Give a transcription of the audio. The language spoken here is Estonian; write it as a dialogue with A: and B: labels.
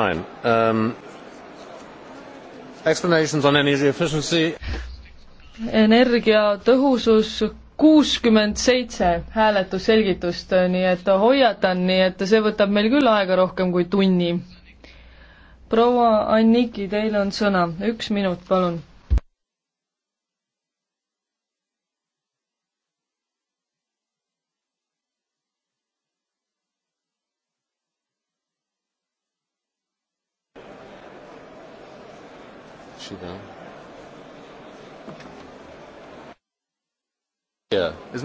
A: time. Um, explanations on energy efficiency.
B: energiatõhusus kuuskümmend seitse hääletusselgitust, nii et hoiatan, nii et see võtab meil küll aega rohkem kui tunni. proua Anniki, teil on sõna, üks minut, palun
C: she though?
D: Yeah.